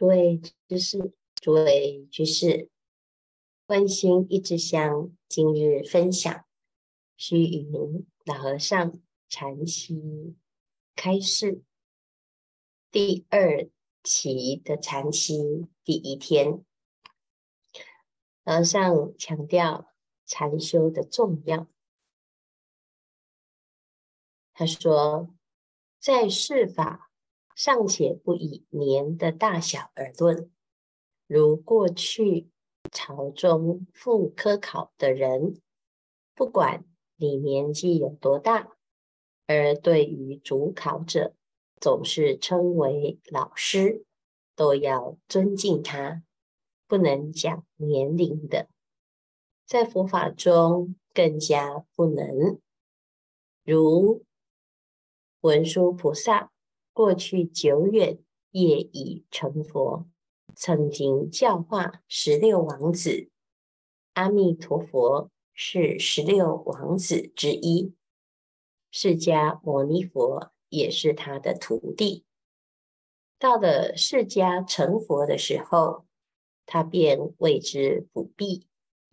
諸位居士，諸位居士，觀心一支香，今日分享，虛雲老和尚禪七開示第二期的禪七第一天。老和尚強調禪修的重要，他說，在世法，尚且不以年的大小而論，如過去朝中赴科考的人，不管你年紀有多大，而對於主考者，總是稱為老師，都要尊敬他，不能講年齡的。在佛法中更加不能，如文殊菩薩。過去久遠，業已成佛，曾經教化十六王子。阿彌陀佛是十六王子之一，釋迦牟尼佛也是他的徒弟。到了釋迦成佛的時候，他便為之輔弼，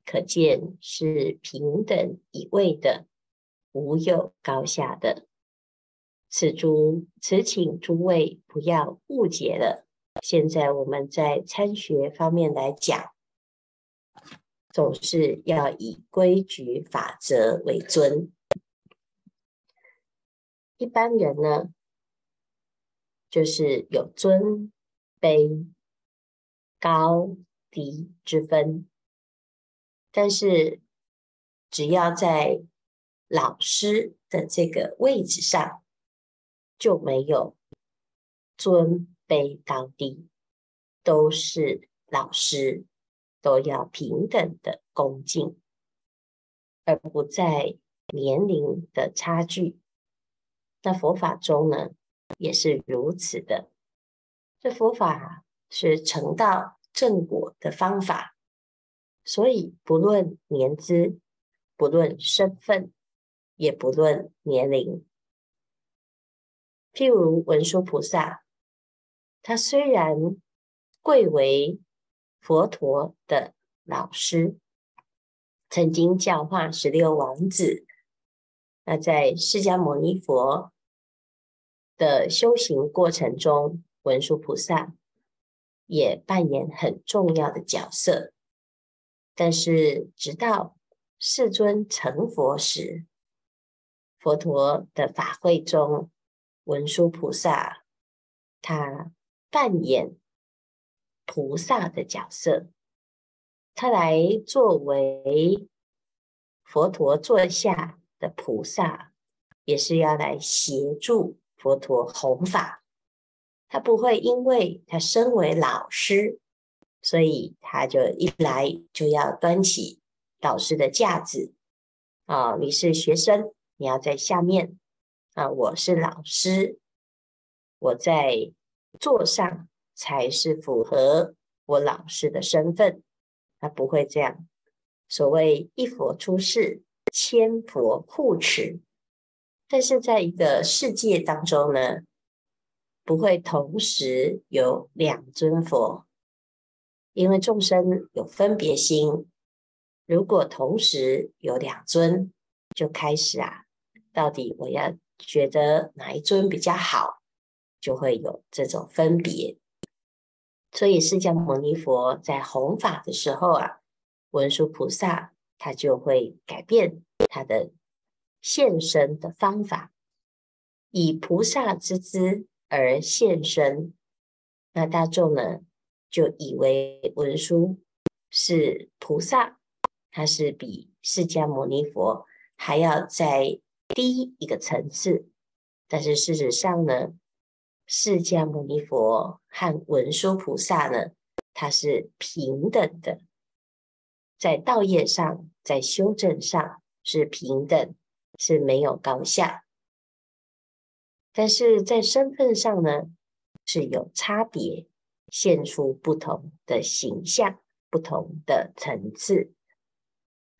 可見是平等一味的，無有高下的。此諸此，請諸位不要誤解了。現在我們在參學方面來講，總是要以規矩法則為尊。一般人呢，就是有尊卑高低之分，但是只要在老師的這個位置上。就沒有尊卑高低，都是老師，都要平等的恭敬，而不在年齡的差距。那佛法中呢，也是如此的。這佛法是成道正果的方法，所以不論年資，不論身份，也不論年齡。譬如文殊菩薩，他雖然貴為佛陀的老師，曾經教化十六王子，那在釋迦牟尼佛的修行過程中，文殊菩薩也扮演很重要的角色。但是，直到世尊成佛時，佛陀的法會中，文殊菩薩，他扮演菩薩的角色，他來作為佛陀座下的菩薩，也是要來協助佛陀弘法。他不會因為他身為老師，所以他就一來就要端起老師的架子啊、哦！你是學生，你要在下面。啊，我是老師，我在座上才是符合我老師的身份，他不會這樣。所謂一佛出世，千佛護持，但是在一個世界當中呢，不會同時有兩尊佛，因為眾生有分別心，如果同時有兩尊，就開始啊，到底我要。覺得哪一尊比較好，就會有這種分別。所以釋迦牟尼佛在弘法的時候啊，文殊菩薩他就會改變他的現身的方法，以菩薩之姿而現身。那大眾呢，就以為文殊是菩薩，他是比釋迦牟尼佛還要在。低一個層次，但是事實上呢，釋迦牟尼佛和文殊菩薩呢，他是平等的，在道業上、在修證上是平等，是沒有高下。但是在身份上呢，是有差別，現出不同的形象、不同的層次。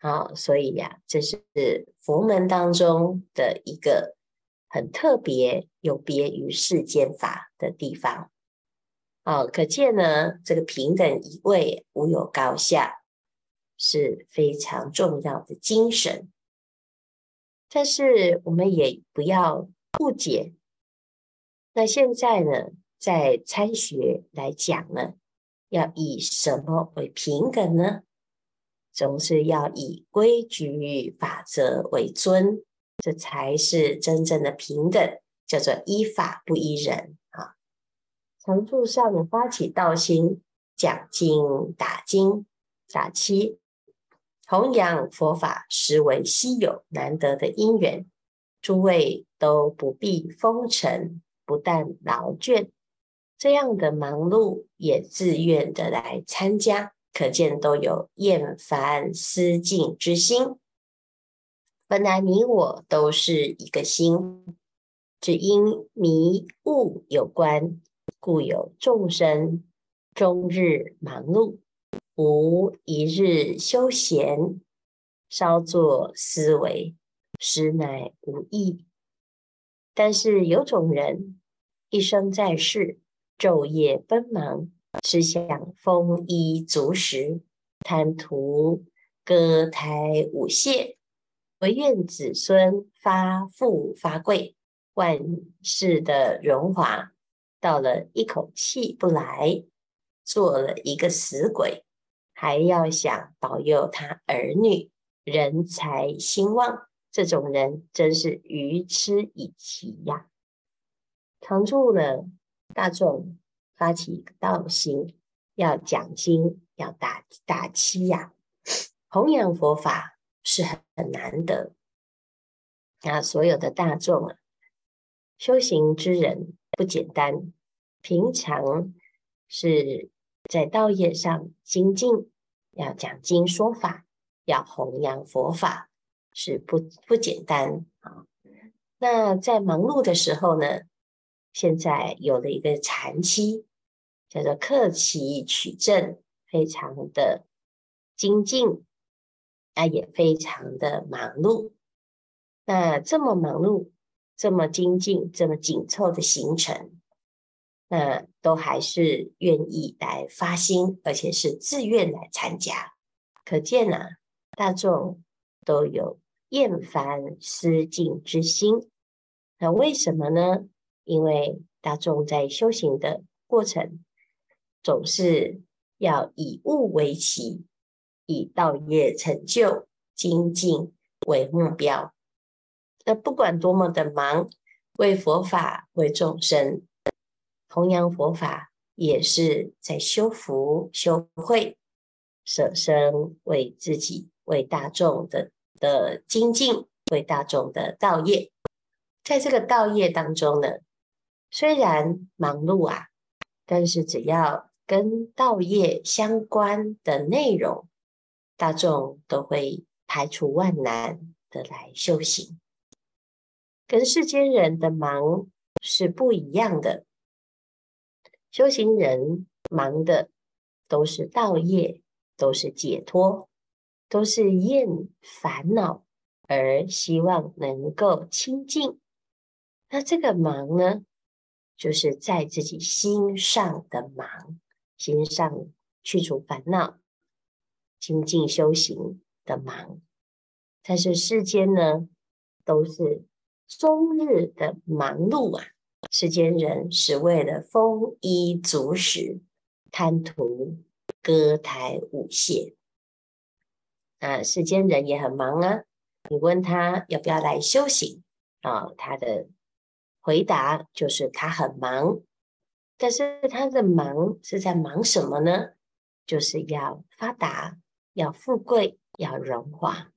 哦，所以呀、啊，這是佛門當中的一個很特別、有別於世間法的地方。哦，可見呢，這個平等一味，無有高下，是非常重要的精神。但是我們也不要誤解。那現在呢，在參學來講呢，要以什麼為平等呢？總是要以規矩法則為尊，這才是真正的平等，叫做依法不依人啊。常住上發起道心講經打經，打七，弘揚佛法實為稀有難得的因緣，諸位都不避風塵，不憚勞倦，這樣的忙碌也自願的來參加，可見都有厭煩思靜之心。本來你我都是一個心，只因迷悟有關，故有眾生終日忙碌，無一日休閒。稍作思維，實乃無益。但是有種人一生在世，晝夜奔忙。是想豐衣足食，貪圖歌台舞榭，惟願子孫發富發貴，萬世的榮華，到了一口氣不來，做了一個死鬼，還要想保佑他兒女人財興旺，這種人真是愚痴已極呀！常住了大眾。發起一個道心，要講經，要打打七呀、啊，弘揚佛法是很難的。那所有的大眾啊，修行之人不簡單，平常是在道業上精進，要講經說法，要弘揚佛法，是不不簡單啊。那在忙碌的時候呢？現在有了一個禪期，叫做剋期取證，非常的精進，那也非常的忙碌。那這麼忙碌，這麼精進，這麼緊湊的行程，那都還是願意來發心，而且是自願來參加。可見呢、啊，大眾都有厭煩思靜之心。那為什麼呢？因為大眾在修行的過程，總是要以物為期，以道業成就精進為目標。那不管多麼的忙，為佛法、為眾生弘揚佛法，也是在修福、修慧，舍身為自己、為大眾的的精進，為大眾的道業。在這個道業當中呢？雖然忙碌啊，但是只要跟道業相關的內容，大眾都會排除萬難的來修行，跟世間人的忙是不一樣的。修行人忙的都是道業，都是解脫，都是厭煩惱而希望能夠清靜。那這個忙呢？就是在自己心上的忙，心上去除煩惱、精進修行的忙。但是世間呢，都是終日的忙碌啊！世間人是為了豐衣足食，貪圖歌台舞榭。那世間人也很忙啊，你問他要不要來修行啊？他的。回答就是他很忙，但是他的忙是在忙什麼呢？就是要發達，要富貴，要榮華。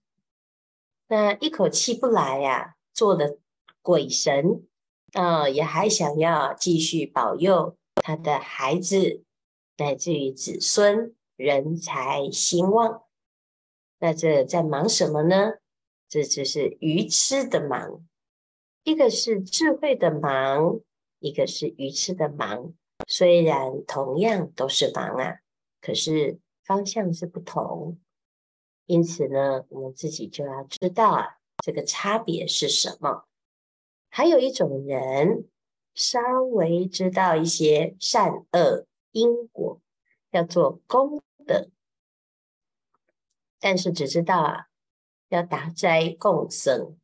那一口氣不來呀，做的鬼神，啊，也還想要繼續保佑他的孩子，乃至於子孫人財興旺。那這在忙什麼呢？這就是愚癡的忙。一個是智慧的忙，一個是愚痴的忙。雖然同樣都是忙啊，可是方向是不同。因此呢，我們自己就要知道啊，這個差別是什麼。還有一種人，稍微知道一些善惡因果，要做功德。但是只知道啊，要打齋供僧。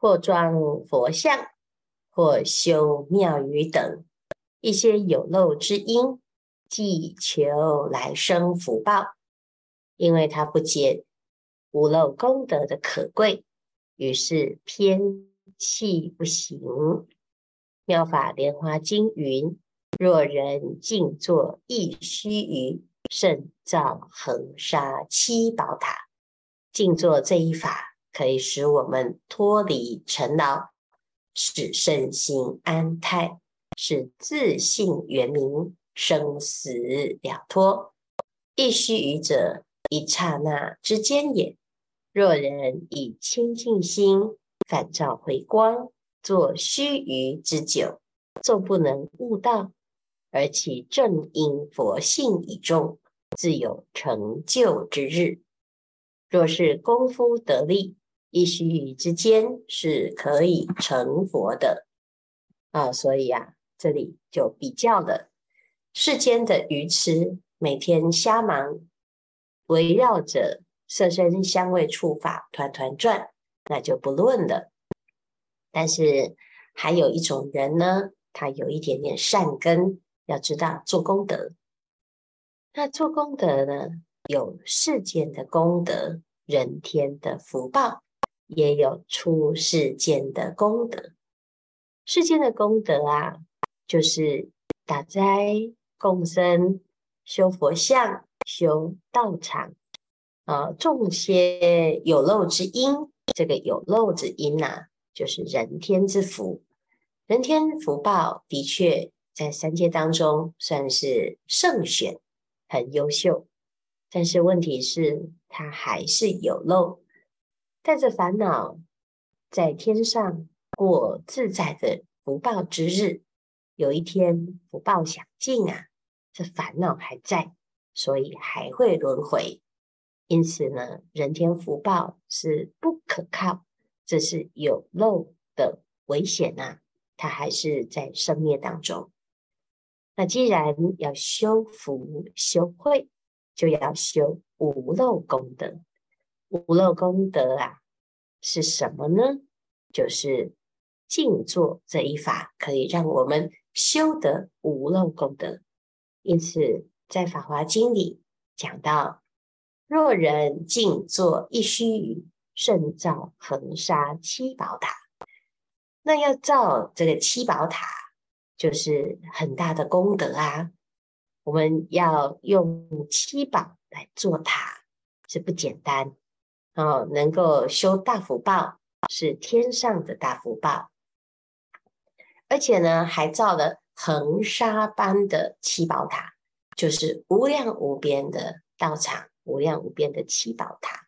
或裝佛像，或修廟宇等一些有漏之因，冀求來生福報，因為他不解無漏功德的可貴，於是偏棄不行。妙法蓮華經云：若人靜坐一須臾，勝造恆沙七寶塔。靜坐這一法，可以使我們脫離塵勞，使身心安泰，使自性圓明，生死了脫。一須臾者，一剎那之間也。若人以清淨心，返照回光，坐須臾之久，縱不能悟道，而其正因佛性已種，自有成就之日。若是功夫得力，一須臾之間是可以成佛的啊、呃！所以啊，這裡就比較了世間的愚癡，每天瞎忙，圍繞着色聲香味觸法團團轉，那就不論了。但是還有一種人呢，他有一點點善根，要知道做功德。那做功德呢？有世間的功德，人天的福報，也有出世間的功德。世間的功德啊，就是打齋、供僧、修佛像、修道場，啊、呃，種些有漏之因。這個有漏之因吶、啊，就是人天之福。人天福報的確在三界當中算是勝選，很優秀。但是問題是，它還是有漏，帶着煩惱在天上過自在的福報之日，有一天福報享盡啊，這煩惱還在，所以還會輪迴。因此呢，人天福報是不可靠，這是有漏的危險吶啊，它還是在生滅當中。那既然要修福修慧，就要修無漏功德，無漏功德啊，是什麼呢？就是靜坐這一法可以讓我們修得無漏功德。因此，在《法華經》裡講到，若人靜坐一須臾，勝造恆沙七寶塔。那要造這個七寶塔，就是很大的功德啊。我們要用七寶來做塔，是不簡單哦。能夠修大福報，是天上的大福報。而且呢，還造了恆沙般的七寶塔，就是無量無邊的道場，無量無邊的七寶塔。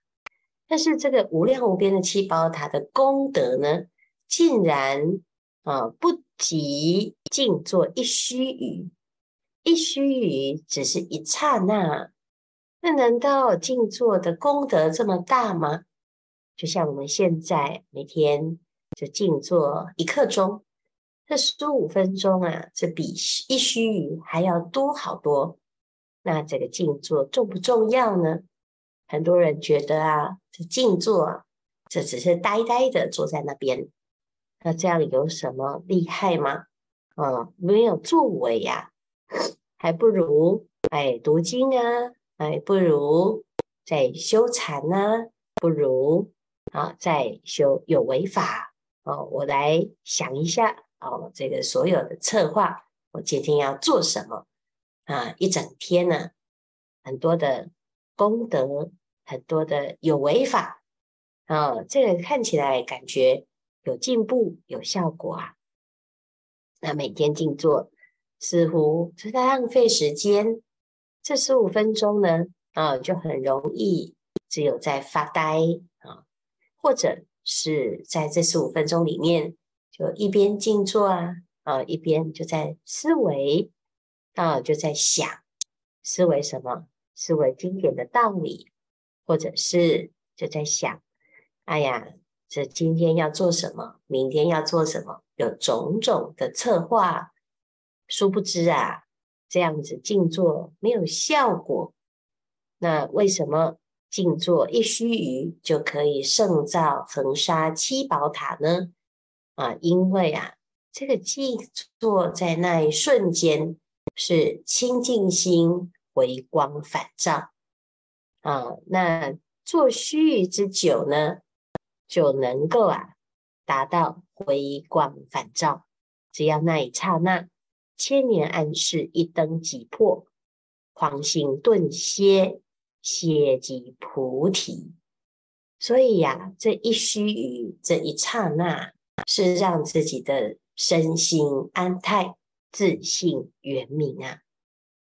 但是這個無量無邊的七寶塔的功德呢，竟然啊、哦、不及靜坐一須臾。一須臾，只是一剎那，那難道靜坐的功德這麼大嗎？就像我們現在每天就靜坐一刻鐘，這十五分鐘啊，這比一須臾還要多好多。那這個靜坐重不重要呢？很多人覺得啊，這靜坐這只是呆呆的坐在那邊，那這樣有什麼厲害嗎？啊、嗯，沒有作為呀。還不如哎讀經啊，哎不如在修禪啊，不如啊在修有為法哦。我來想一下哦，這個所有的策劃，我今天要做什麼啊？一整天呢，很多的功德，很多的有為法啊，這個看起來感覺有進步，有效果啊。那每天靜坐。似乎是在浪費時間，這十五分鐘呢，啊，就很容易只有在發呆啊，或者是在這十五分鐘裡面，就一邊靜坐啊，啊，一邊就在思維，啊，就在想思維什麼？思維經典的道理，或者是就在想，哎呀，這今天要做什麼？明天要做什麼？有種種的策劃。殊不知啊，這樣子靜坐沒有效果。那為什麼靜坐一須臾就可以勝造恆沙七寶塔呢？啊，因為啊，這個靜坐在那一瞬間是清淨心回光返照啊，那坐須臾之久呢，就能夠啊達到回光返照，只要那一剎那。千年暗室一燈即破；狂心頓歇，歇即菩提。所以呀、啊，這一須臾，這一剎那，是讓自己的身心安泰、自性、圓明啊。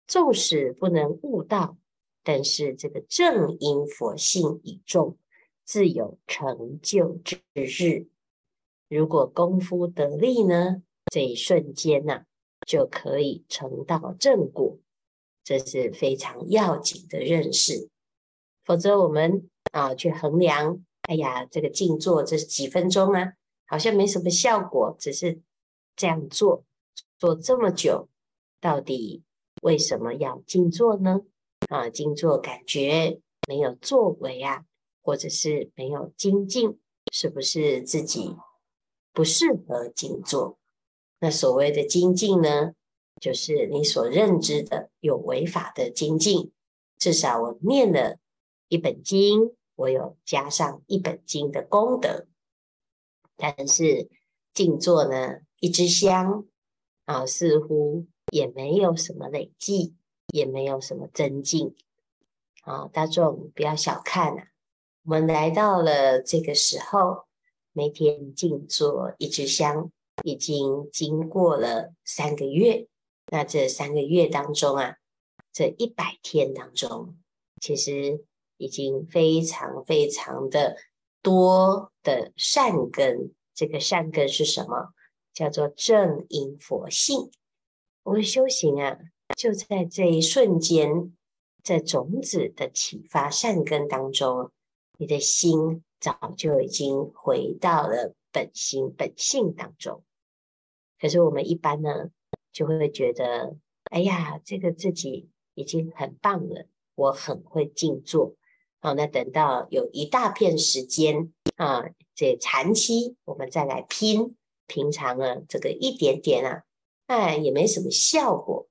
縱使不能悟道，但是這個正因佛性已種，自有成就之日。如果功夫得力呢，這一瞬間吶、啊。就可以成道正果，這是非常要緊的認識。否則，我們啊去衡量，哎呀，這個靜坐這幾分鐘啊，好像沒什麼效果，只是這樣做做這麼久，到底為什麼要靜坐呢？啊，靜坐感覺沒有作為啊，或者是沒有精進，是不是自己不適合靜坐？那所謂的精進呢，就是你所認知的有違法的精進。至少我念了一本經，我有加上一本經的功德。但是靜坐呢，一支香啊，似乎也沒有什麼累積，也沒有什麼增進。啊，大眾不要小看啊，我們來到了這個時候，每天靜坐一支香。已經經過了三個月，那這三個月當中啊，這一百天當中，其實已經非常非常的多的善根。這個善根是什麼？叫做正因佛性。我們修行啊，就在這一瞬間，在種子的啟發善根當中，你的心早就已經回到了本心本性當中，可是我們一般呢，就會覺得，哎呀，這個自己已經很棒了，我很會靜坐。好、哦，那等到有一大片時間啊，這長期我們再來拼。平常啊，這個一點點啊，哎，也沒什麼效果。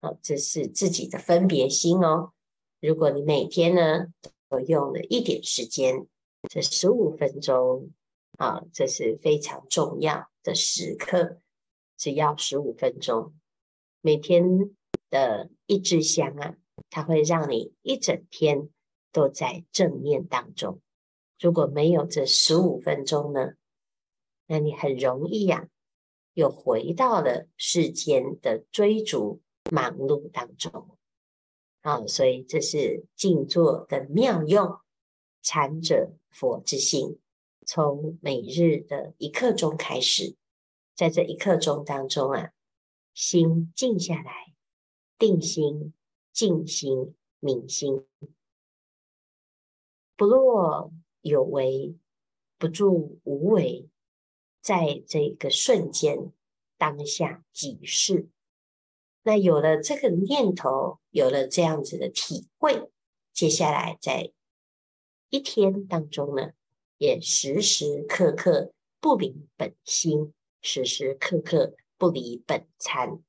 好、啊，這是自己的分別心哦。如果你每天呢，都用了一點時間，這十五分鐘。啊，這是非常重要的時刻，只要十五分鐘，每天的一支香啊，它會讓你一整天都在正念當中。如果沒有這十五分鐘呢，那你很容易呀、啊，又回到了世間的追逐忙碌當中。啊，所以這是靜坐的妙用，禪者佛之心。從每日的一刻鐘開始，在這一刻鐘當中啊，心靜下來，定心、靜心、明心，不落有為，不住無為，在這個瞬間、當下、即是。那有了這個念頭，有了這樣子的體會，接下來在一天當中呢，也時時刻刻不離本心，時時刻刻不離本參，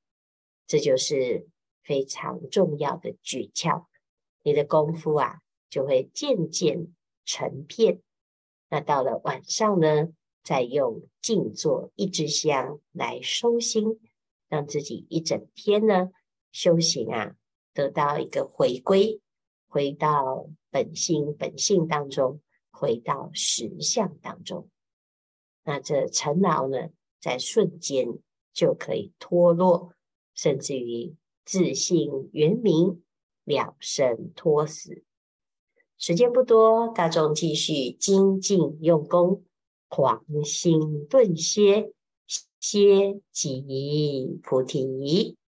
這就是非常重要的訣竅。你的功夫啊，就會漸漸成片。那到了晚上呢，再用靜坐一支香來收心，讓自己一整天呢修行啊，得到一個回歸，回到本性本性當中。回到實相當中，那這塵勞呢，在瞬間就可以脫落，甚至於自性圓明，了生脫死。時間不多，大眾繼續精進用功，狂心頓歇，歇即菩提。